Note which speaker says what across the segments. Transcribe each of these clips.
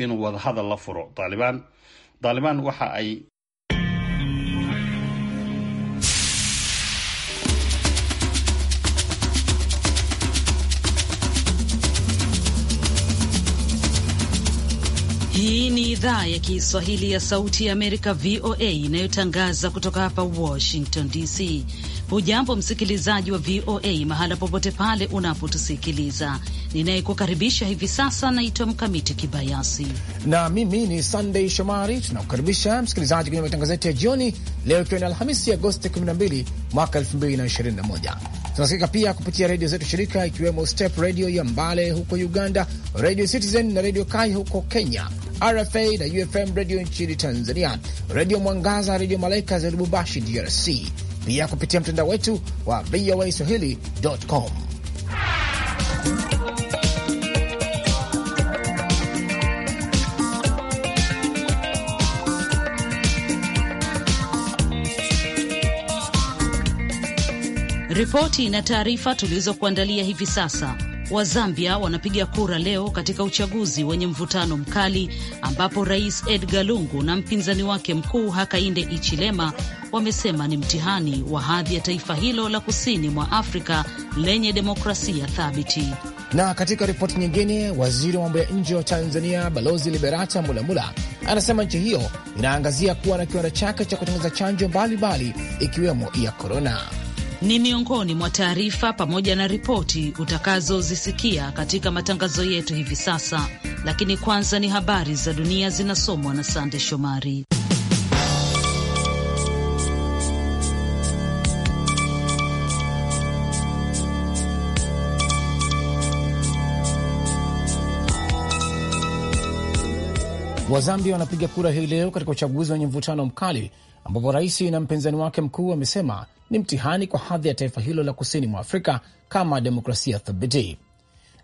Speaker 1: in wadahadal la furo taalibaan taalibaan waxa ay
Speaker 2: Hii ni idhaa ya Kiswahili ya Sauti ya Amerika, VOA, inayotangaza kutoka hapa Washington DC. Hujambo msikilizaji wa VOA mahala popote pale unapotusikiliza. Ninayekukaribisha hivi sasa naitwa Mkamiti Kibayasi
Speaker 3: na mimi ni sandey Shomari. Tunakukaribisha msikilizaji kwenye matangazo yetu ya jioni leo, ikiwa ni Alhamisi Agosti 12 mwaka 2021. Tunasikika pia kupitia redio zetu shirika, ikiwemo Step redio ya Mbale huko Uganda, redio Citizen na redio Kai huko Kenya, RFA na UFM redio nchini Tanzania, redio Mwangaza, redio Malaika za Lubumbashi, DRC pia kupitia mtandao wetu wa VOA Swahili.com.
Speaker 2: Ripoti na taarifa tulizokuandalia hivi sasa wa Zambia wanapiga kura leo katika uchaguzi wenye mvutano mkali ambapo Rais Edgar Lungu na mpinzani wake mkuu Hakainde Ichilema wamesema ni mtihani wa hadhi ya taifa hilo la kusini mwa Afrika lenye
Speaker 3: demokrasia thabiti. Na katika ripoti nyingine, waziri wa mambo ya nje wa Tanzania Balozi Liberata Mulamula anasema nchi hiyo inaangazia kuwa na kiwanda chake cha kutengeneza chanjo mbalimbali ikiwemo ya korona
Speaker 2: ni miongoni mwa taarifa pamoja na ripoti utakazozisikia katika matangazo yetu hivi sasa, lakini kwanza ni habari za dunia zinasomwa na Sande Shomari.
Speaker 3: Wazambia wanapiga kura hii leo katika uchaguzi wenye mvutano mkali ambapo rais na mpinzani wake mkuu wamesema ni mtihani kwa hadhi ya taifa hilo la kusini mwa Afrika kama demokrasia thabiti.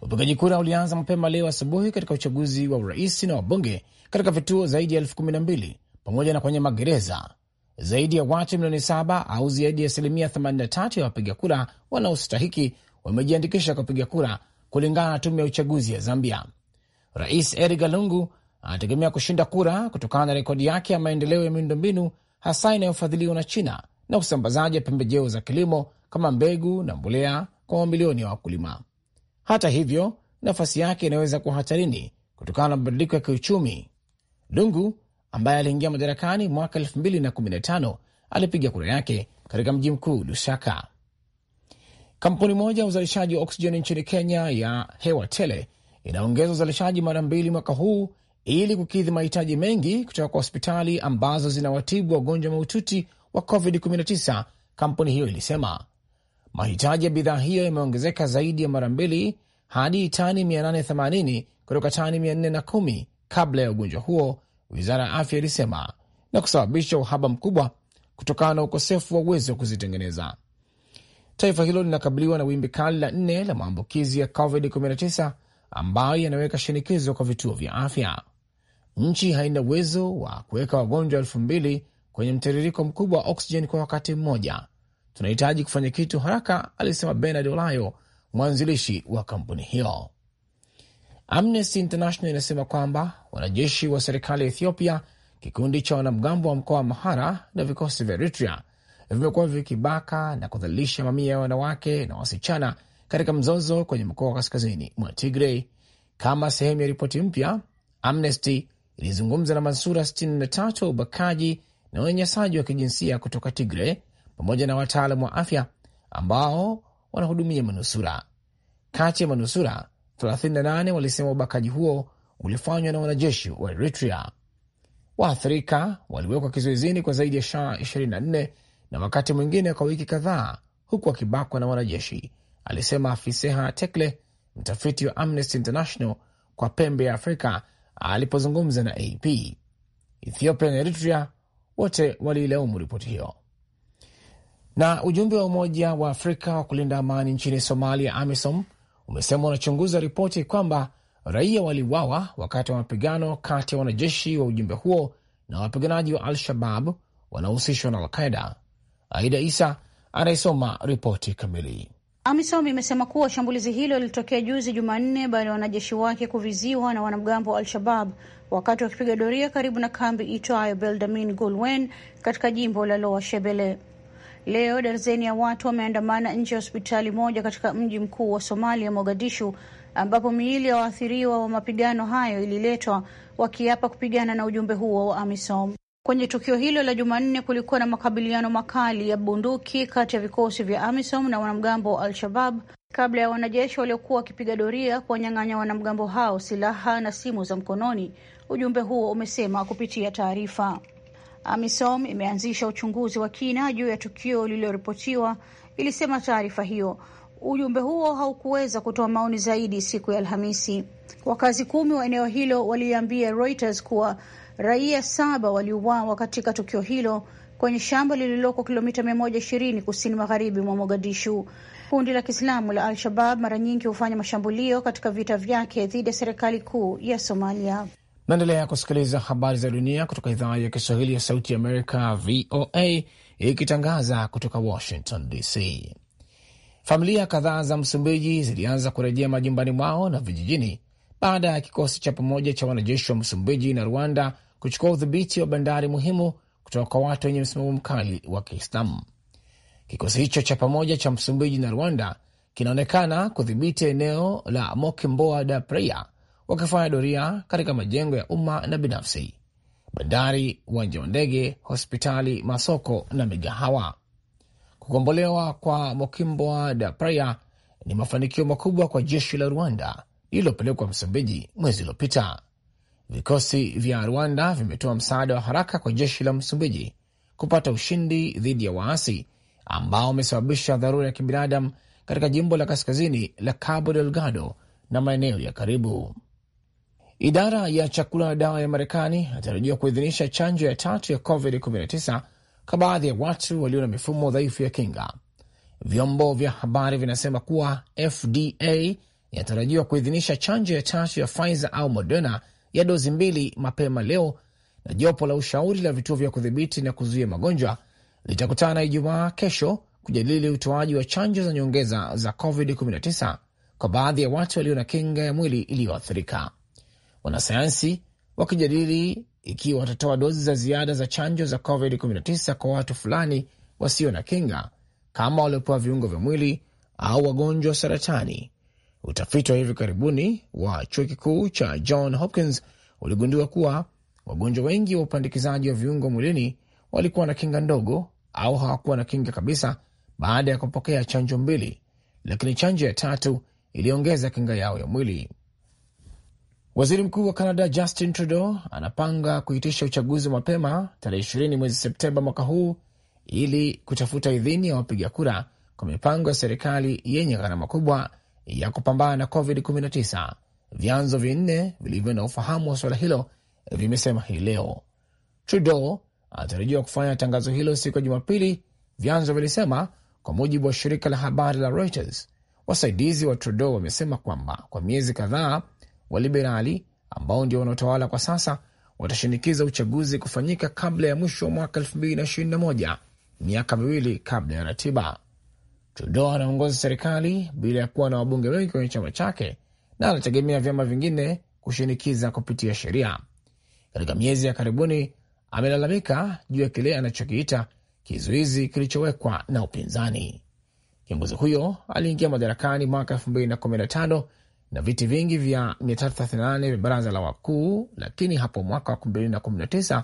Speaker 3: Upigaji kura ulianza mapema leo asubuhi katika uchaguzi wa urais na wabunge katika vituo zaidi ya elfu kumi na mbili pamoja na kwenye magereza. Zaidi ya watu milioni saba au zaidi ya asilimia 83 ya wapiga kura wanaostahiki wamejiandikisha kupiga kura kulingana na tume ya uchaguzi ya Zambia. Rais Edgar Galungu anategemea kushinda kura kutokana na rekodi yake ya maendeleo ya miundombinu hasa inayofadhiliwa na China na usambazaji wa pembejeo za kilimo kama mbegu na mbolea kwa mamilioni ya wakulima. Hata hivyo, nafasi yake inaweza kuwa hatarini kutokana na mabadiliko ya kiuchumi. Lungu ambaye aliingia madarakani mwaka 2015 alipiga kura yake katika mji mkuu Lusaka. Kampuni moja ya uzalishaji wa oksijeni nchini Kenya ya Hewa Tele inaongeza uzalishaji mara mbili mwaka huu ili kukidhi mahitaji mengi kutoka kwa hospitali ambazo zinawatibu wagonjwa mahututi wa COVID-19. Kampuni hiyo ilisema mahitaji ya bidhaa hiyo yameongezeka zaidi ya mara mbili hadi tani 880 kutoka tani 410 kabla ya ugonjwa huo, wizara ya afya ilisema, na kusababisha uhaba mkubwa kutokana na ukosefu wa uwezo wa kuzitengeneza. Taifa hilo linakabiliwa na wimbi kali la nne la maambukizi ya COVID-19 ambayo yanaweka shinikizo kwa vituo vya afya. Nchi haina uwezo wa kuweka wagonjwa elfu mbili kwenye mtiririko mkubwa wa oksijeni kwa wakati mmoja. Tunahitaji kufanya kitu haraka, alisema Bernard Olayo, mwanzilishi wa kampuni hiyo. Amnesty International inasema kwamba wanajeshi wa serikali ya Ethiopia, kikundi cha wanamgambo wa mkoa wa mahara na vikosi vya Eritrea vimekuwa vikibaka na kudhalilisha mamia ya wanawake na wasichana katika mzozo kwenye mkoa wa kaskazini mwa Tigrey. Kama sehemu ya ripoti mpya, Amnesty ilizungumza na manusura 63 wa ubakaji na unyanyasaji wa kijinsia kutoka Tigre pamoja na wataalam wa afya ambao wanahudumia manusura. Kati ya manusura 38 walisema ubakaji huo ulifanywa na wanajeshi wa Eritrea. Waathirika waliwekwa kizuizini kwa zaidi ya saa 24 na wakati mwingine kwa wiki kadhaa, huku wakibakwa na wanajeshi, alisema Fiseha Tekle, mtafiti wa Amnesty International kwa pembe ya Afrika alipozungumza na AP. Ethiopia na Eritrea wote waliilaumu ripoti hiyo. Na ujumbe wa Umoja wa Afrika wa kulinda amani nchini Somalia, AMISOM, umesema unachunguza ripoti kwamba raia waliwawa wakati wa mapigano kati ya wanajeshi wa ujumbe huo na wapiganaji wa Al-Shabab wanaohusishwa na Alqaida. Aida Isa anayesoma ripoti kamili.
Speaker 4: AMISOM imesema kuwa shambulizi hilo lilitokea juzi Jumanne baada ya wanajeshi wake kuviziwa na wanamgambo wa Al-Shabab wakati wakipiga doria karibu na kambi itwayo Beldamin Gulwen katika jimbo la Loa Shebele. Leo darzeni ya watu wameandamana nje ya hospitali moja katika mji mkuu wa Somalia, Mogadishu, ambapo miili ya waathiriwa wa mapigano hayo ililetwa, wakiapa kupigana na ujumbe huo wa AMISOM. Kwenye tukio hilo la Jumanne kulikuwa na makabiliano makali ya bunduki kati ya vikosi vya AMISOM na wanamgambo wa Al-Shabab kabla ya wanajeshi waliokuwa wakipiga doria kuwanyang'anya wanamgambo hao silaha na simu za mkononi, ujumbe huo umesema kupitia taarifa. AMISOM imeanzisha uchunguzi wa kina juu ya tukio lililoripotiwa, ilisema taarifa hiyo. Ujumbe huo haukuweza kutoa maoni zaidi siku ya Alhamisi. Wakazi kumi wa eneo hilo waliambia Reuters kuwa Raia saba waliuawa katika tukio hilo kwenye shamba lililoko kilomita 120 kusini magharibi mwa Mogadishu. Kundi la Kiislamu la Al-Shabab mara nyingi hufanya mashambulio katika vita vyake dhidi ya serikali kuu ya Somalia.
Speaker 3: Naendelea kusikiliza habari za dunia kutoka idhaa ya Kiswahili ya Sauti ya Amerika, VOA, ikitangaza kutoka Washington DC. Familia kadhaa za Msumbiji zilianza kurejea majumbani mwao na vijijini baada ya kikosi cha pamoja cha wanajeshi wa Msumbiji na Rwanda kuchukua udhibiti wa bandari muhimu kutoka kwa watu wenye msimamo mkali wa Kiislamu. Kikosi hicho cha pamoja cha Msumbiji na Rwanda kinaonekana kudhibiti eneo la mokimboa da Praia, wakifanya doria katika majengo ya umma na binafsi, bandari, uwanja wa ndege, hospitali, masoko na migahawa. Kukombolewa kwa mokimboa da Praia ni mafanikio makubwa kwa jeshi la Rwanda lililopelekwa Msumbiji mwezi uliopita. Vikosi vya Rwanda vimetoa msaada wa haraka kwa jeshi la Msumbiji kupata ushindi dhidi ya waasi ambao wamesababisha dharura ya kibinadamu katika jimbo la kaskazini la Cabo Delgado na maeneo ya karibu. Idara ya chakula na dawa ya Marekani inatarajiwa kuidhinisha chanjo ya tatu ya COVID-19 kwa baadhi ya watu walio na mifumo dhaifu ya kinga. Vyombo vya habari vinasema kuwa FDA inatarajiwa kuidhinisha chanjo ya tatu ya Pfizer au Moderna ya dozi mbili mapema leo, na jopo la ushauri la vituo vya kudhibiti na kuzuia magonjwa litakutana Ijumaa kesho kujadili utoaji wa chanjo za nyongeza za COVID-19 kwa baadhi ya watu walio na kinga ya mwili iliyoathirika, wanasayansi wakijadili ikiwa watatoa dozi za ziada za chanjo za COVID-19 kwa watu fulani wasio na kinga kama waliopewa viungo vya mwili au wagonjwa wa saratani Utafiti wa hivi karibuni wa chuo kikuu cha John Hopkins uligundua kuwa wagonjwa wengi wa upandikizaji wa viungo mwilini walikuwa na kinga ndogo au hawakuwa na kinga kabisa baada ya kupokea chanjo mbili, lakini chanjo ya tatu iliongeza kinga yao ya mwili. Waziri Mkuu wa Canada Justin Trudeau anapanga kuitisha uchaguzi mapema tarehe ishirini mwezi Septemba mwaka huu ili kutafuta idhini ya wapiga kura kwa mipango ya serikali yenye gharama kubwa ya kupambana na COVID-19, vyanzo vinne vilivyo na ufahamu wa suala hilo vimesema hii leo. Trudeau anatarajiwa kufanya tangazo hilo siku ya Jumapili, vyanzo vilisema, kwa mujibu wa shirika la habari la Reuters. Wasaidizi wa Trudeau wamesema kwamba kwa miezi kadhaa waliberali ambao ndio wanaotawala kwa sasa watashinikiza uchaguzi kufanyika kabla ya mwisho wa mwaka 2021, miaka miwili kabla ya ratiba. Trudeau anaongoza serikali bila ya kuwa na wabunge wengi kwenye chama chake na anategemea vyama vingine kushinikiza kupitia sheria. Katika miezi ya karibuni, amelalamika juu ya kile anachokiita kizuizi kilichowekwa na upinzani. Kiongozi huyo aliingia madarakani mwaka 2015 na viti vingi vya 338 vya baraza la wakuu, lakini hapo mwaka wa 2019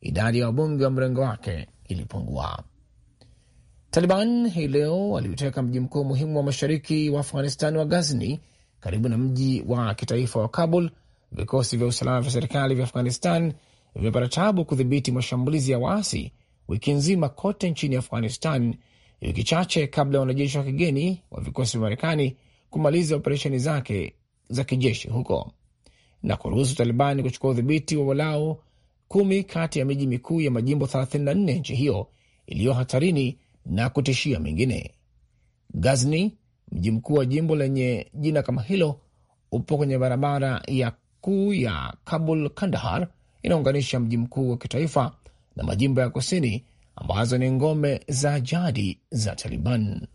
Speaker 3: idadi ya wabunge wa mrengo wake ilipungua. Taliban hii leo waliuteka mji mkuu muhimu wa mashariki wa Afghanistan wa Ghazni, karibu na mji wa kitaifa wa Kabul. Vikosi vya usalama vya serikali vya Afghanistan vimepata tabu kudhibiti mashambulizi ya waasi wiki nzima kote nchini Afghanistan, wiki chache kabla ya wanajeshi wa kigeni wa vikosi vya Marekani kumaliza operesheni zake za kijeshi huko na kuruhusu Taliban kuchukua udhibiti wa walau kumi kati ya miji mikuu ya majimbo 34 nchi hiyo iliyo hatarini na kutishia mengine. Ghazni, mji mkuu wa jimbo lenye jina kama hilo, upo kwenye barabara ya kuu ya Kabul Kandahar inaunganisha mji mkuu wa kitaifa na majimbo ya kusini ambazo ni ngome za jadi za Taliban.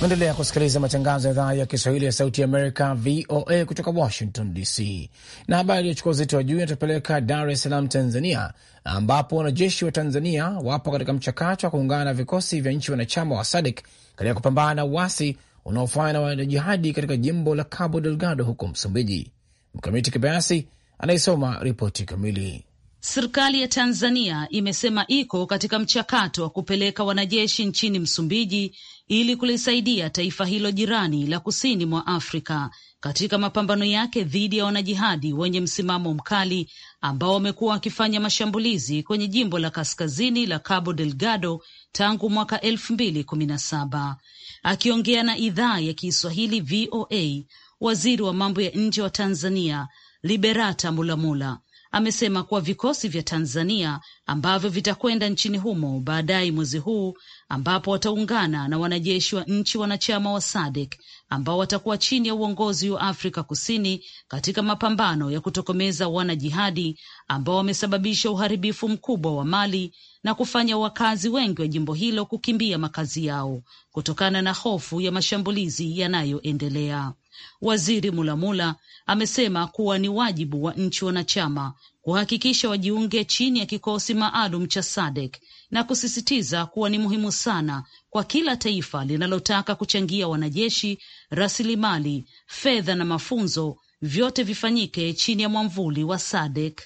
Speaker 3: Naendelea kusikiliza matangazo ya idhaa ya Kiswahili ya Sauti Amerika, VOA, kutoka Washington DC. Na habari iliyochukua uzito wa juu inatupeleka Dar es Salaam, Tanzania, ambapo wanajeshi wa Tanzania wapo katika mchakato wa kuungana na vikosi vya nchi wanachama wa SADIK katika kupambana na uasi unaofanywa na wanajihadi katika jimbo la Cabo Delgado huko Msumbiji. Mkamiti Kibayasi anaisoma ripoti kamili.
Speaker 2: Serikali ya Tanzania imesema iko katika mchakato wa kupeleka wanajeshi nchini Msumbiji ili kulisaidia taifa hilo jirani la kusini mwa Afrika katika mapambano yake dhidi ya wanajihadi wenye msimamo mkali ambao wamekuwa wakifanya mashambulizi kwenye jimbo la kaskazini la Cabo Delgado tangu mwaka elfu mbili kumi na saba. Akiongea na idhaa ya Kiswahili VOA, waziri wa mambo ya nje wa Tanzania Liberata Mulamula amesema kuwa vikosi vya Tanzania ambavyo vitakwenda nchini humo baadaye mwezi huu, ambapo wataungana na wanajeshi wa nchi wanachama wa SADC ambao watakuwa chini ya uongozi wa Afrika Kusini katika mapambano ya kutokomeza wanajihadi ambao wamesababisha uharibifu mkubwa wa mali na kufanya wakazi wengi wa jimbo hilo kukimbia makazi yao kutokana na hofu ya mashambulizi yanayoendelea. Waziri Mulamula amesema kuwa ni wajibu wa nchi wanachama kuhakikisha wajiunge chini ya kikosi maalum cha SADC na kusisitiza kuwa ni muhimu sana kwa kila taifa linalotaka kuchangia wanajeshi, rasilimali, fedha na mafunzo, vyote vifanyike chini ya mwamvuli wa SADC.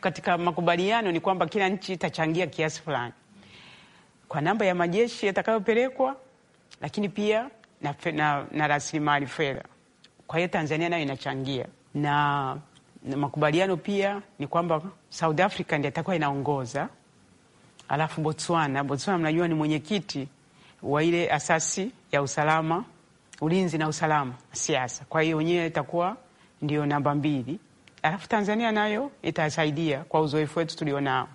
Speaker 5: Katika makubaliano ni kwamba kila nchi itachangia kiasi fulani kwa namba ya majeshi yatakayopelekwa, lakini pia na, na, na rasilimali fedha. Kwa hiyo Tanzania nayo inachangia na, na makubaliano pia ni kwamba South Africa ndio atakuwa inaongoza, alafu Botswana. Botswana mnajua ni mwenyekiti wa ile asasi ya usalama, ulinzi na usalama siasa, kwa hiyo wenyewe itakuwa ndio namba mbili, alafu Tanzania nayo itasaidia kwa uzoefu wetu tulionao.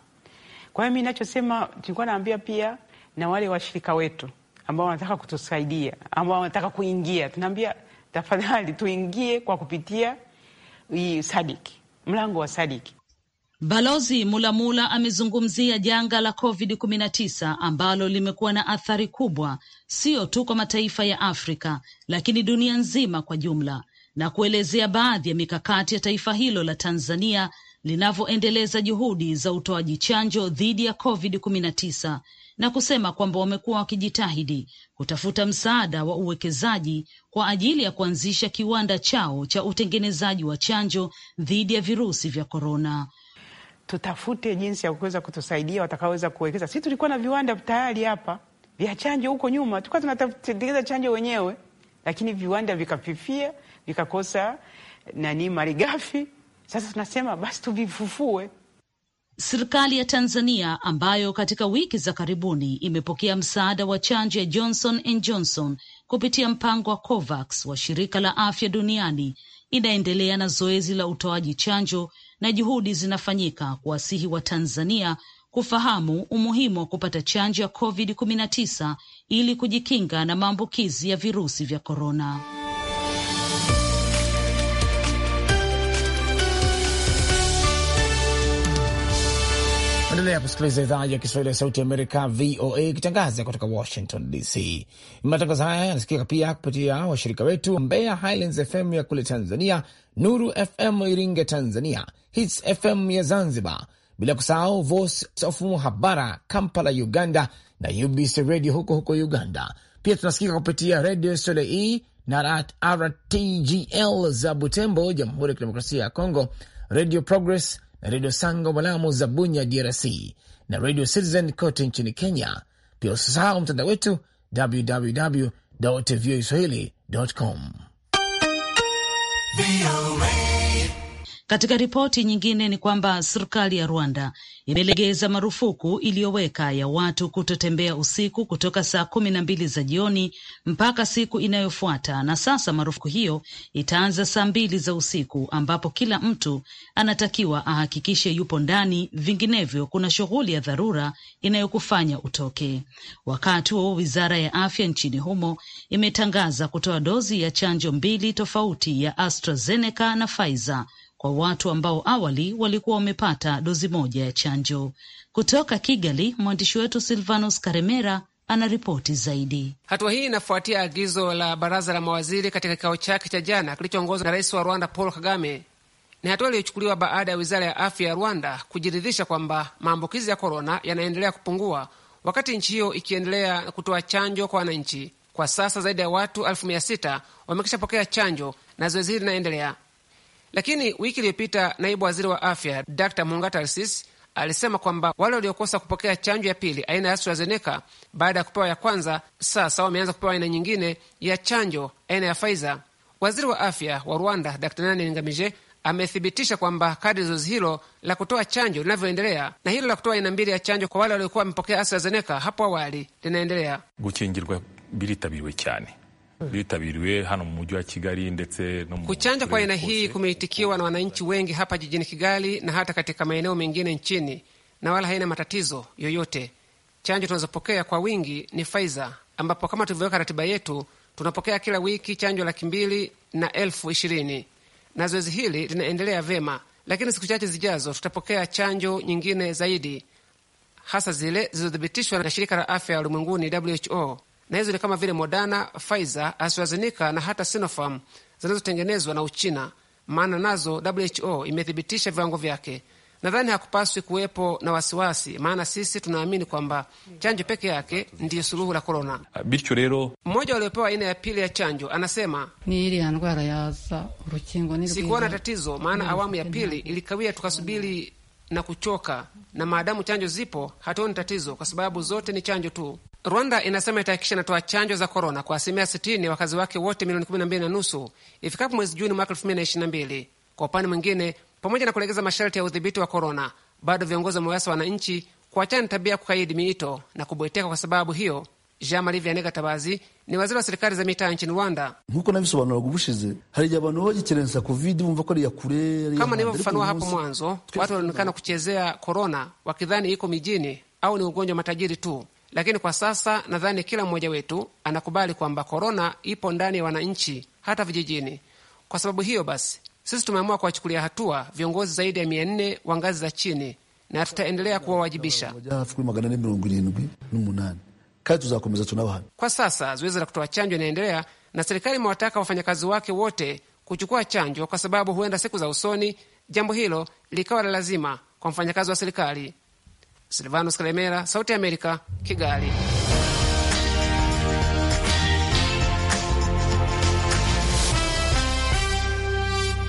Speaker 5: Kwa hiyo mi nachosema, tulikuwa naambia pia na wale washirika wetu ambao wanataka kutusaidia, ambao wanataka kuingia, tunaambia tafadhali tuingie kwa kupitia
Speaker 2: sadiki, mlango wa sadiki. Balozi Mulamula amezungumzia janga la COVID-19 ambalo limekuwa na athari kubwa sio tu kwa mataifa ya Afrika lakini dunia nzima kwa jumla, na kuelezea baadhi ya mikakati ya taifa hilo la Tanzania linavyoendeleza juhudi za utoaji chanjo dhidi ya COVID-19 na kusema kwamba wamekuwa wakijitahidi kutafuta msaada wa uwekezaji kwa ajili ya kuanzisha kiwanda chao cha utengenezaji wa chanjo dhidi ya virusi vya korona. Tutafute jinsi ya kuweza
Speaker 5: kutusaidia watakaoweza kuwekeza. Sisi tulikuwa na viwanda tayari hapa vya chanjo huko nyuma, tulikuwa tunatengeneza chanjo wenyewe, lakini viwanda vikafifia, vikakosa
Speaker 2: nani, malighafi. Sasa tunasema basi tuvifufue. Serikali ya Tanzania ambayo katika wiki za karibuni imepokea msaada wa chanjo ya Johnson and Johnson kupitia mpango wa COVAX wa shirika la afya duniani inaendelea na zoezi la utoaji chanjo na juhudi zinafanyika kuwasihi Watanzania kufahamu umuhimu wa kupata chanjo ya COVID-19 ili kujikinga na maambukizi ya virusi vya korona.
Speaker 3: Naendelea kusikiliza idhaa ya Kiswahili ya Sauti ya Amerika, VOA, ikitangaza kutoka Washington DC. Matangazo haya yanasikika pia kupitia washirika wetu Mbeya Highlands FM ya kule Tanzania, Nuru FM Iringa Tanzania, Hits FM ya Zanzibar, bila kusahau Voice of Muhabara Kampala Uganda na UBC Radio huko huko Uganda. Pia tunasikika kupitia Radio Soleil e na RTGL za Butembo, Jamhuri ya Kidemokrasia ya Kongo, Radio Progress na redio Sango Malamu za Bunya, DRC, na redio Citizen kote nchini Kenya. Pia usisahau mtandao wetu www voa com.
Speaker 2: Katika ripoti nyingine ni kwamba serikali ya Rwanda imelegeza marufuku iliyoweka ya watu kutotembea usiku kutoka saa kumi na mbili za jioni mpaka siku inayofuata, na sasa marufuku hiyo itaanza saa mbili za usiku, ambapo kila mtu anatakiwa ahakikishe yupo ndani, vinginevyo kuna shughuli ya dharura inayokufanya utoke. Wakati huo, wizara ya afya nchini humo imetangaza kutoa dozi ya chanjo mbili tofauti ya AstraZeneca na Pfizer kwa watu ambao awali walikuwa wamepata dozi moja ya chanjo. Kutoka Kigali, mwandishi wetu Silvanus Karemera anaripoti zaidi.
Speaker 6: Hatua hii inafuatia agizo la baraza la mawaziri katika kikao chake cha jana kilichoongozwa na rais wa Rwanda Paul Kagame. Ni hatua iliyochukuliwa baada ya wizara ya afya ya Rwanda kujiridhisha kwamba maambukizi ya korona yanaendelea kupungua, wakati nchi hiyo ikiendelea kutoa chanjo kwa wananchi. Kwa sasa zaidi ya watu elfu mia sita wamekisha pokea chanjo na zoezi hili linaendelea. Lakini wiki iliyopita naibu waziri wa afya Dr Mungata alisema kwamba wale waliokosa kupokea chanjo ya pili aina ya AstraZeneca baada ya kupewa ya kwanza, sasa wameanza kupewa aina nyingine ya chanjo aina ya Pfizer. Waziri wa afya wa Rwanda Dr Nani Ngamije amethibitisha kwamba kadri zoezi hilo la kutoa chanjo linavyoendelea na hilo la kutoa aina mbili ya chanjo kwa wale waliokuwa wamepokea AstraZeneca hapo awali linaendelea
Speaker 7: gukingirwa bilitabiriwe cyane ryitabiriwe hano mu mujyi wa Kigali ndetse no mu
Speaker 6: kuchanja kwa aina hii kumeitikiwa na wananchi wengi hapa jijini Kigali na hata katika maeneo mengine nchini, na wala haina matatizo yoyote. Chanjo tunazopokea kwa wingi ni Pfizer, ambapo kama tulivyoweka ratiba yetu tunapokea kila wiki chanjo laki mbili na elfu ishirini na zoezi hili linaendelea vema, lakini siku chache zijazo tutapokea chanjo nyingine zaidi, hasa zile zilizothibitishwa na shirika la afya ulimwenguni WHO na hizo ni kama vile Moderna, Pfizer, AstraZeneca na hata Sinopharm zinazotengenezwa na Uchina, maana nazo WHO imethibitisha viwango vyake. Nadhani hakupaswi kuwepo na wasiwasi, maana sisi tunaamini kwamba chanjo peke yake ndiyo suluhu la korona.
Speaker 7: Ah, Bityo rero,
Speaker 6: mmoja waliopewa aina ya pili ya chanjo anasema sikuona tatizo, maana awamu ya pili ilikawia, tukasubiri na kuchoka, na maadamu chanjo zipo hatuoni tatizo, kwa sababu zote ni chanjo tu. Rwanda inasema itahakikisha inatoa chanjo za korona kwa asilimia 60 wakazi wake wote milioni 12 na nusu ifikapo mwezi Juni mwaka 2022. Kwa upande mwingine, pamoja na kulegeza masharti ya udhibiti wa korona, bado viongozi wamewasa wananchi kuachana na tabia ya kukaidi miito na kubweteka kwa sababu hiyo. Jean Marie Vianney Gatabazi ni waziri wa serikali za mitaa nchini Rwanda.
Speaker 1: Kama nilivyofafanua hapo
Speaker 6: mwanzo, watu walionekana kuchezea korona wakidhani iko mijini au ni ugonjwa matajiri tu lakini kwa sasa nadhani kila mmoja wetu anakubali kwamba korona ipo ndani ya wananchi hata vijijini. Kwa sababu hiyo basi, sisi tumeamua kuwachukulia hatua viongozi zaidi ya mia nne wa ngazi za chini na tutaendelea kuwawajibisha. Kwa sasa zoezi la kutoa chanjo inaendelea na serikali imewataka wafanyakazi wake wote kuchukua chanjo, kwa sababu huenda siku za usoni jambo hilo likawa la lazima kwa mfanyakazi wa serikali. Silvanus Kalemera, Sauti ya Amerika, Kigali.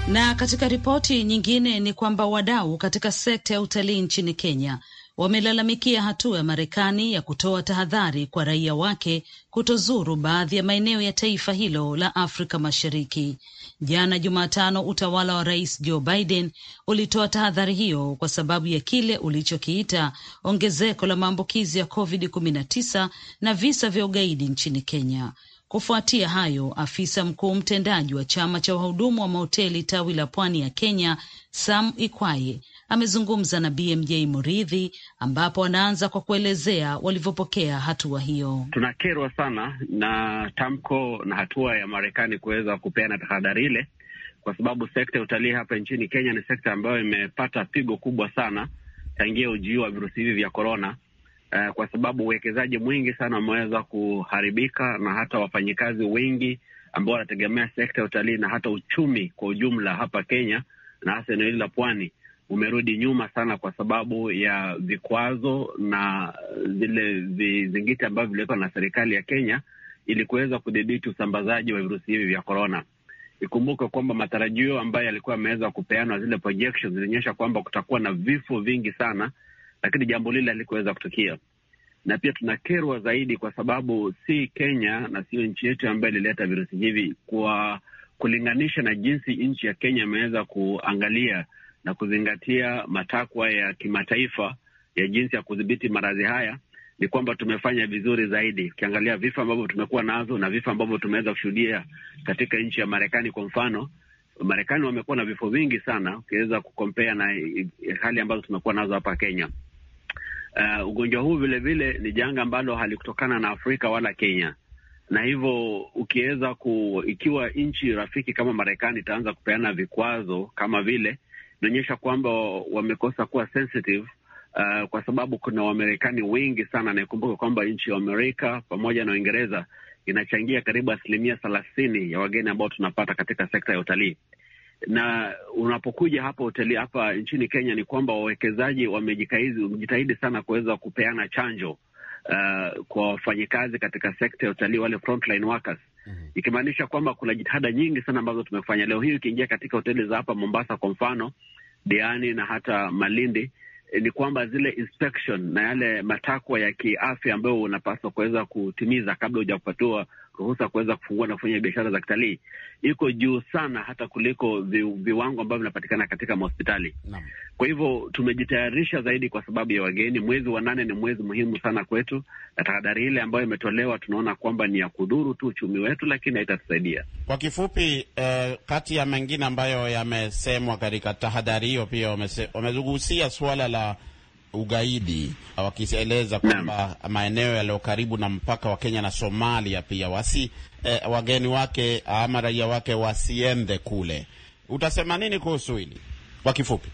Speaker 2: Na katika ripoti nyingine ni kwamba wadau katika sekta ya utalii nchini Kenya wamelalamikia hatua ya Marekani ya kutoa tahadhari kwa raia wake kutozuru baadhi ya maeneo ya taifa hilo la Afrika Mashariki. Jana Jumatano, utawala wa rais Joe Biden ulitoa tahadhari hiyo kwa sababu ya kile ulichokiita ongezeko la maambukizi ya COVID-19 na visa vya ugaidi nchini Kenya. Kufuatia hayo, afisa mkuu mtendaji wa chama cha wahudumu wa mahoteli tawi la pwani ya Kenya, Sam Ikwaye, amezungumza na BMJ Muridhi, ambapo anaanza kwa kuelezea walivyopokea hatua hiyo.
Speaker 1: Tunakerwa sana na tamko na hatua ya Marekani kuweza kupeana tahadhari ile, kwa sababu sekta ya utalii hapa nchini Kenya ni sekta ambayo imepata pigo kubwa sana tangia ujio wa virusi hivi vya korona. Uh, eh, kwa sababu uwekezaji mwingi sana umeweza kuharibika na hata wafanyikazi wengi ambao wanategemea sekta ya utalii na hata uchumi kwa ujumla hapa Kenya na hasa eneo hili la pwani umerudi nyuma sana kwa sababu ya vikwazo na zile vizingiti ambavyo viliwekwa na serikali ya Kenya ili kuweza kudhibiti usambazaji wa virusi hivi vya korona. Ikumbuke kwamba matarajio ambayo yalikuwa yameweza kupeanwa, zile projections zilionyesha kwamba kutakuwa na vifo vingi sana, lakini jambo lile halikuweza kutukia. Na pia tunakerwa zaidi kwa sababu si Kenya na sio nchi yetu ambayo ilileta virusi hivi, kwa kulinganisha na jinsi nchi ya Kenya imeweza kuangalia na kuzingatia matakwa ya kimataifa ya jinsi ya kudhibiti maradhi haya, ni kwamba tumefanya vizuri zaidi. Ukiangalia vifo ambavyo tumekuwa nazo na vifo ambavyo tumeweza kushuhudia katika nchi ya Marekani, kwa mfano Marekani wamekuwa na vifo vingi sana ukiweza kukompea na hali ambazo tumekuwa nazo hapa Kenya. Uh, ugonjwa huu vilevile ni janga ambalo halikutokana na Afrika wala Kenya, na hivyo ukiweza ku, ikiwa nchi rafiki kama Marekani itaanza kupeana vikwazo kama vile inaonyesha kwamba wamekosa kuwa sensitive uh, kwa sababu kuna Wamarekani wengi sana, naikumbuka kwamba nchi ya Amerika pamoja na Uingereza inachangia karibu asilimia thelathini ya wageni ambao tunapata katika sekta ya utalii na unapokuja hapa hoteli hapa nchini Kenya ni kwamba wawekezaji wamejitahidi sana kuweza kupeana chanjo uh, kwa wafanyikazi katika sekta ya utalii, wale frontline workers, -hmm. Ikimaanisha kwamba kuna jitihada nyingi sana ambazo tumefanya. Leo hii ukiingia katika hoteli za hapa Mombasa kwa mfano, Diani na hata Malindi eh, ni kwamba zile inspection na yale matakwa ya kiafya ambayo unapaswa kuweza kutimiza kabla hujapatiwa ruhusa kuweza kufungua na kufanya biashara za kitalii iko juu sana, hata kuliko viwango ambavyo vinapatikana katika mahospitali. Kwa hivyo tumejitayarisha zaidi kwa sababu ya wageni. Mwezi wa nane ni mwezi muhimu sana kwetu, na tahadhari ile ambayo imetolewa tunaona kwamba ni ya kudhuru tu uchumi wetu, lakini haitatusaidia kwa kifupi. Eh, kati ya mengine ambayo yamesemwa katika tahadhari hiyo pia wamegusia suala la ugaidi, wakieleza kwamba maeneo yaliyo karibu na mpaka wa Kenya na Somalia pia wasi eh, wageni wake ama raia wake wasiende kule. Utasema nini kuhusu hili kwa kifupi?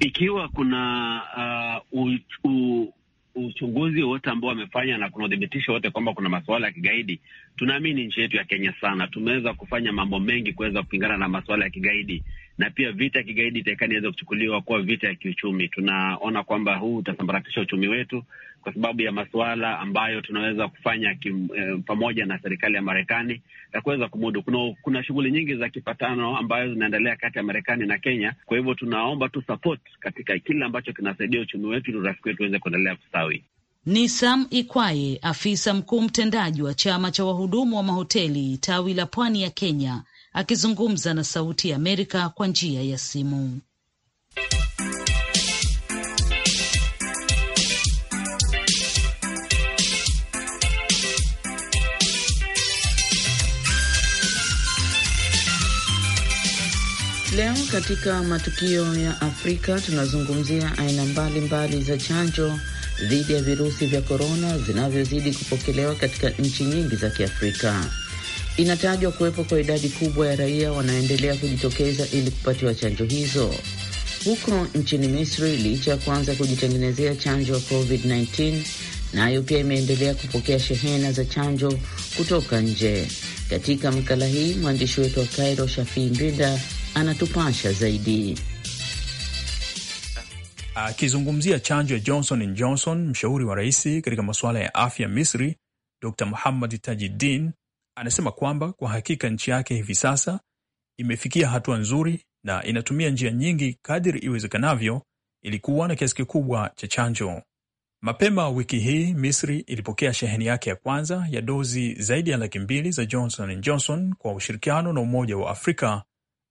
Speaker 1: Ikiwa kuna uh, u, u, uchunguzi wote ambao wamefanya na kuna udhibitisho wote kwamba kuna masuala ya kigaidi, tunaamini nchi yetu ya Kenya sana tumeweza kufanya mambo mengi kuweza kupingana na masuala ya kigaidi na pia vita ya kigaidi itaikani iweze kuchukuliwa kuwa vita ya kiuchumi. Tunaona kwamba huu utasambaratisha uchumi wetu kwa sababu ya masuala ambayo tunaweza kufanya kim, eh, pamoja na serikali ya Marekani ya kuweza kumudu. Kuna, kuna shughuli nyingi za kipatano ambayo zinaendelea kati ya Marekani na Kenya. Kwa hivyo tunaomba tu support katika kile ambacho kinasaidia uchumi wetu ili urafiki wetu uweze kuendelea kustawi.
Speaker 2: Ni Sam Ikwaye, afisa mkuu mtendaji wa chama cha wahudumu wa mahoteli tawi la pwani ya Kenya akizungumza na Sauti ya Amerika kwa njia ya simu.
Speaker 5: Leo katika matukio ya Afrika tunazungumzia aina mbalimbali za chanjo
Speaker 2: dhidi ya virusi vya korona zinavyozidi kupokelewa katika nchi nyingi za
Speaker 5: Kiafrika.
Speaker 2: Inatajwa kuwepo kwa idadi kubwa ya raia wanaoendelea kujitokeza ili
Speaker 5: kupatiwa chanjo hizo. Huko nchini Misri, licha ya kuanza kujitengenezea chanjo
Speaker 2: ya COVID-19, nayo pia imeendelea kupokea shehena za chanjo kutoka nje. Katika makala hii mwandishi wetu wa Cairo, Shafii Mbinda, anatupasha zaidi.
Speaker 7: Akizungumzia chanjo ya Johnson and Johnson, mshauri wa rais katika masuala ya afya Misri, Dr Muhammad Tajidin Anasema kwamba kwa hakika nchi yake hivi sasa imefikia hatua nzuri na inatumia njia nyingi kadiri iwezekanavyo ilikuwa na kiasi kikubwa cha chanjo. Mapema wiki hii Misri ilipokea sheheni yake ya kwanza ya dozi zaidi ya laki mbili za Johnson and Johnson kwa ushirikiano na Umoja wa Afrika,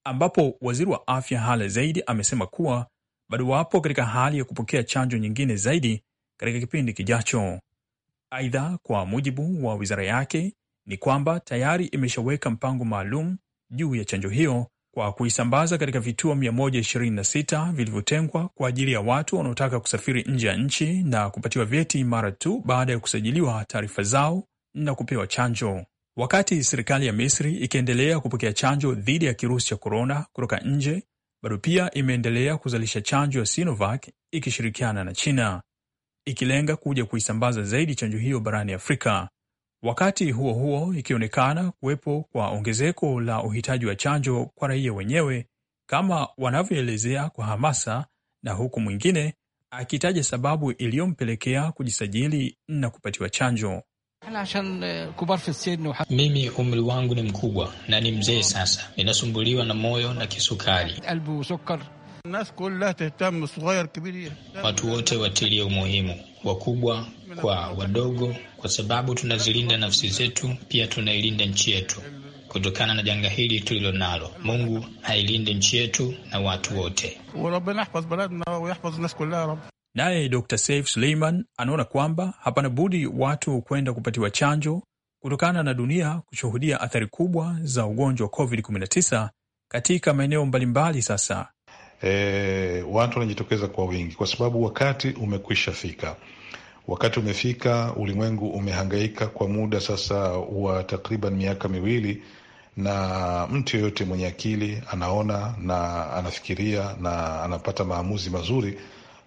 Speaker 7: ambapo waziri wa afya Hale Zaidi amesema kuwa bado wapo katika hali ya kupokea chanjo nyingine zaidi katika kipindi kijacho. Aidha, kwa mujibu wa wizara yake, ni kwamba tayari imeshaweka mpango maalum juu ya chanjo hiyo kwa kuisambaza katika vituo 126 vilivyotengwa kwa ajili ya watu wanaotaka kusafiri nje ya nchi na kupatiwa vyeti mara tu baada ya kusajiliwa taarifa zao na kupewa chanjo. Wakati serikali ya Misri ikiendelea kupokea chanjo dhidi ya kirusi cha korona kutoka nje, bado pia imeendelea kuzalisha chanjo ya Sinovac ikishirikiana na China, ikilenga kuja kuisambaza zaidi chanjo hiyo barani Afrika wakati huo huo ikionekana kuwepo kwa ongezeko la uhitaji wa chanjo kwa raia wenyewe kama wanavyoelezea kwa hamasa, na huku mwingine akitaja sababu iliyompelekea kujisajili na kupatiwa chanjo. Mimi umri wangu ni
Speaker 3: mkubwa na ni mzee sasa, ninasumbuliwa na moyo na kisukari. Watu wote watilie umuhimu, wakubwa kwa wadogo, kwa sababu tunazilinda nafsi zetu, pia tunailinda nchi yetu kutokana na janga hili tulilo nalo Mungu ailinde nchi yetu na watu wote.
Speaker 7: Naye Dr Saif Suleiman anaona kwamba hapana budi watu kwenda kupatiwa chanjo kutokana na dunia kushuhudia athari kubwa za ugonjwa wa COVID-19 katika maeneo mbalimbali.
Speaker 8: Sasa e, watu wanajitokeza kwa wingi kwa sababu wakati umekwisha fika. Wakati umefika, ulimwengu umehangaika kwa muda sasa wa takriban miaka miwili, na mtu yeyote mwenye akili anaona na anafikiria na anapata maamuzi mazuri,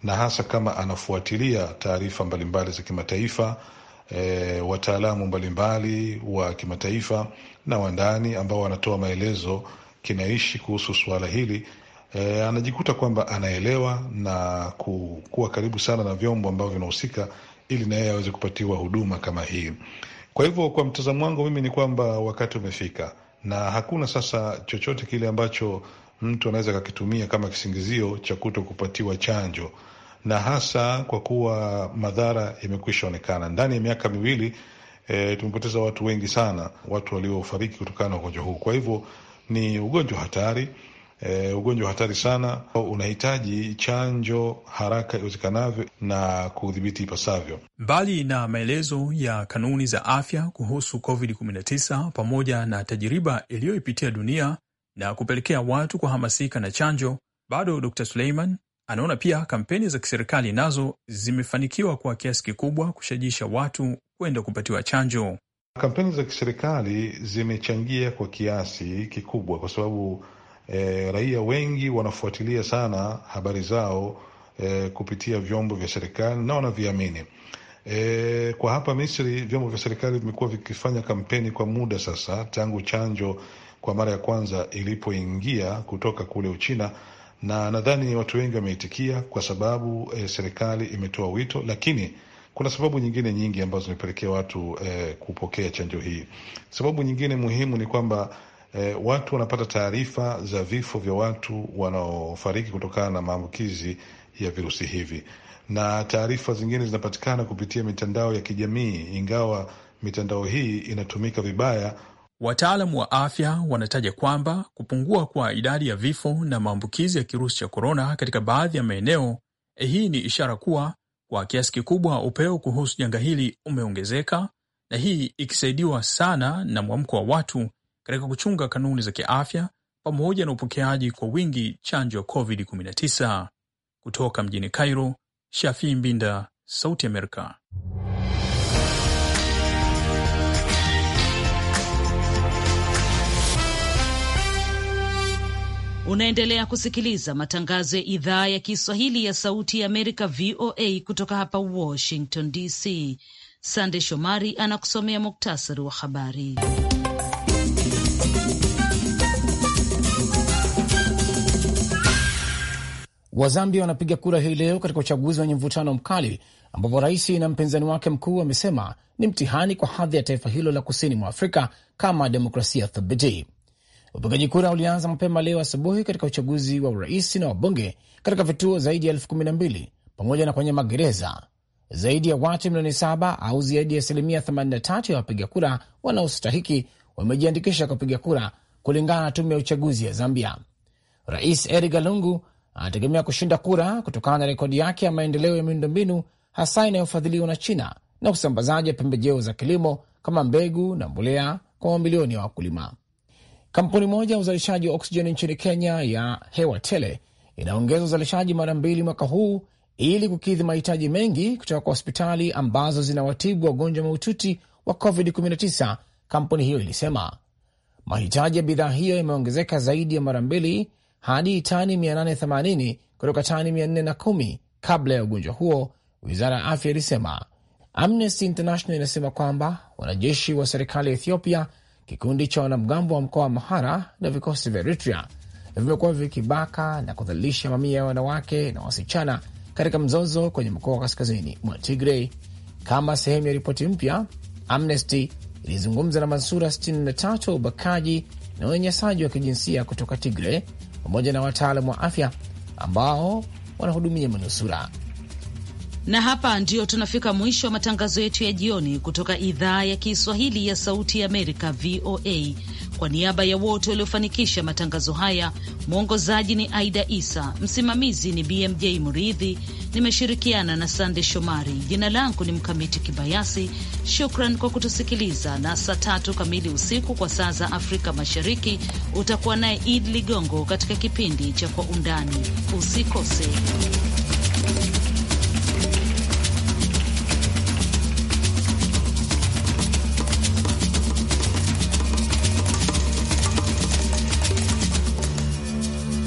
Speaker 8: na hasa kama anafuatilia taarifa mbalimbali za kimataifa E, wataalamu mbalimbali wa kimataifa na wa ndani ambao wanatoa maelezo kinaishi kuhusu suala hili e, anajikuta kwamba anaelewa na kuwa karibu sana na vyombo ambavyo vinahusika ili na yeye aweze kupatiwa huduma kama hii. Kwa hivyo, kwa mtazamo wangu mimi ni kwamba wakati umefika na hakuna sasa chochote kile ambacho mtu anaweza akakitumia kama kisingizio cha kuto kupatiwa chanjo, na hasa kwa kuwa madhara yamekwisha onekana ndani ya miaka miwili. E, tumepoteza watu wengi sana, watu waliofariki kutokana na ugonjwa huu. Kwa hivyo ni ugonjwa hatari e, ugonjwa hatari sana, unahitaji chanjo haraka iwezekanavyo na kudhibiti ipasavyo.
Speaker 7: Mbali na maelezo ya kanuni za afya kuhusu COVID-19 pamoja na tajiriba iliyoipitia dunia na kupelekea watu kuhamasika na chanjo, bado Dr. Suleiman anaona pia kampeni za kiserikali nazo zimefanikiwa kwa kiasi kikubwa kushajisha watu kwenda kupatiwa chanjo.
Speaker 8: Kampeni za kiserikali zimechangia kwa kiasi kikubwa, kwa sababu e, raia wengi wanafuatilia sana habari zao e, kupitia vyombo vya serikali na wanaviamini. E, kwa hapa Misri vyombo vya serikali vimekuwa vikifanya kampeni kwa muda sasa tangu chanjo kwa mara ya kwanza ilipoingia kutoka kule Uchina, na nadhani watu wengi wameitikia kwa sababu e, serikali imetoa wito, lakini kuna sababu nyingine nyingi ambazo zimepelekea watu e, kupokea chanjo hii. Sababu nyingine muhimu ni kwamba eh, watu wanapata taarifa za vifo vya watu wanaofariki kutokana na maambukizi ya virusi hivi, na taarifa zingine zinapatikana kupitia mitandao ya kijamii, ingawa mitandao hii inatumika vibaya. Wataalamu wa afya wanataja kwamba kupungua kwa idadi ya vifo na
Speaker 7: maambukizi ya kirusi cha korona katika baadhi ya maeneo, eh, hii ni ishara kuwa kwa kiasi kikubwa upeo kuhusu janga hili umeongezeka, na hii ikisaidiwa sana na mwamko wa watu katika kuchunga kanuni za kiafya pamoja na upokeaji kwa wingi chanjo ya COVID-19. Kutoka mjini Cairo, Shafii Mbinda, Sauti Amerika.
Speaker 2: Unaendelea kusikiliza matangazo ya idhaa ya Kiswahili ya Sauti ya Amerika, VOA, kutoka hapa Washington DC. Sande Shomari anakusomea muktasari wa habari.
Speaker 3: Wazambia wanapiga kura hii leo katika uchaguzi wenye mvutano mkali ambapo rais na mpinzani wake mkuu wamesema ni mtihani kwa hadhi ya taifa hilo la kusini mwa Afrika kama demokrasia thabiti. Upigaji kura ulianza mapema leo asubuhi katika uchaguzi wa urais na wabunge katika vituo zaidi ya elfu kumi na mbili pamoja na kwenye magereza. Zaidi ya watu milioni saba au zaidi ya asilimia 83 ya wapiga kura wanaostahiki wamejiandikisha kupiga kura kulingana na tume ya uchaguzi ya Zambia. Rais Edgar Galungu anategemea kushinda kura kutokana na rekodi yake ya maendeleo ya miundombinu hasa inayofadhiliwa na China na usambazaji wa pembejeo za kilimo kama mbegu na mbolea kwa mamilioni ya wa wakulima. Kampuni moja ya uzalishaji wa oksijeni nchini Kenya ya Hewa Tele inaongeza uzalishaji mara mbili mwaka huu ili kukidhi mahitaji mengi kutoka kwa hospitali ambazo zinawatibu wagonjwa mahututi wa COVID-19. Kampuni hiyo ilisema mahitaji ya bidhaa hiyo yameongezeka zaidi ya mara mbili hadi tani 880 kutoka tani 410 kabla ya ugonjwa huo, wizara ya afya ilisema. Amnesty International inasema kwamba wanajeshi wa serikali ya Ethiopia, kikundi cha wanamgambo wa mkoa wa Amhara na vikosi vya Eritrea vimekuwa vikibaka na kudhalilisha mamia ya wanawake na wasichana katika mzozo kwenye mkoa wa kaskazini mwa Tigrey. Kama sehemu ya ripoti mpya, Amnesty ilizungumza na masura 63 wa ubakaji na unyanyasaji wa kijinsia kutoka tigrey pamoja na wataalam wa afya ambao wanahudumia manusura.
Speaker 2: Na hapa ndio tunafika mwisho wa matangazo yetu ya jioni kutoka idhaa ya Kiswahili ya Sauti ya Amerika, VOA. Kwa niaba ya wote waliofanikisha matangazo haya, mwongozaji ni Aida Isa, msimamizi ni BMJ Muridhi, nimeshirikiana na Sande Shomari. Jina langu ni Mkamiti Kibayasi. Shukran kwa kutusikiliza, na saa tatu kamili usiku kwa saa za Afrika Mashariki utakuwa naye Id Ligongo katika kipindi cha Kwa Undani. Usikose.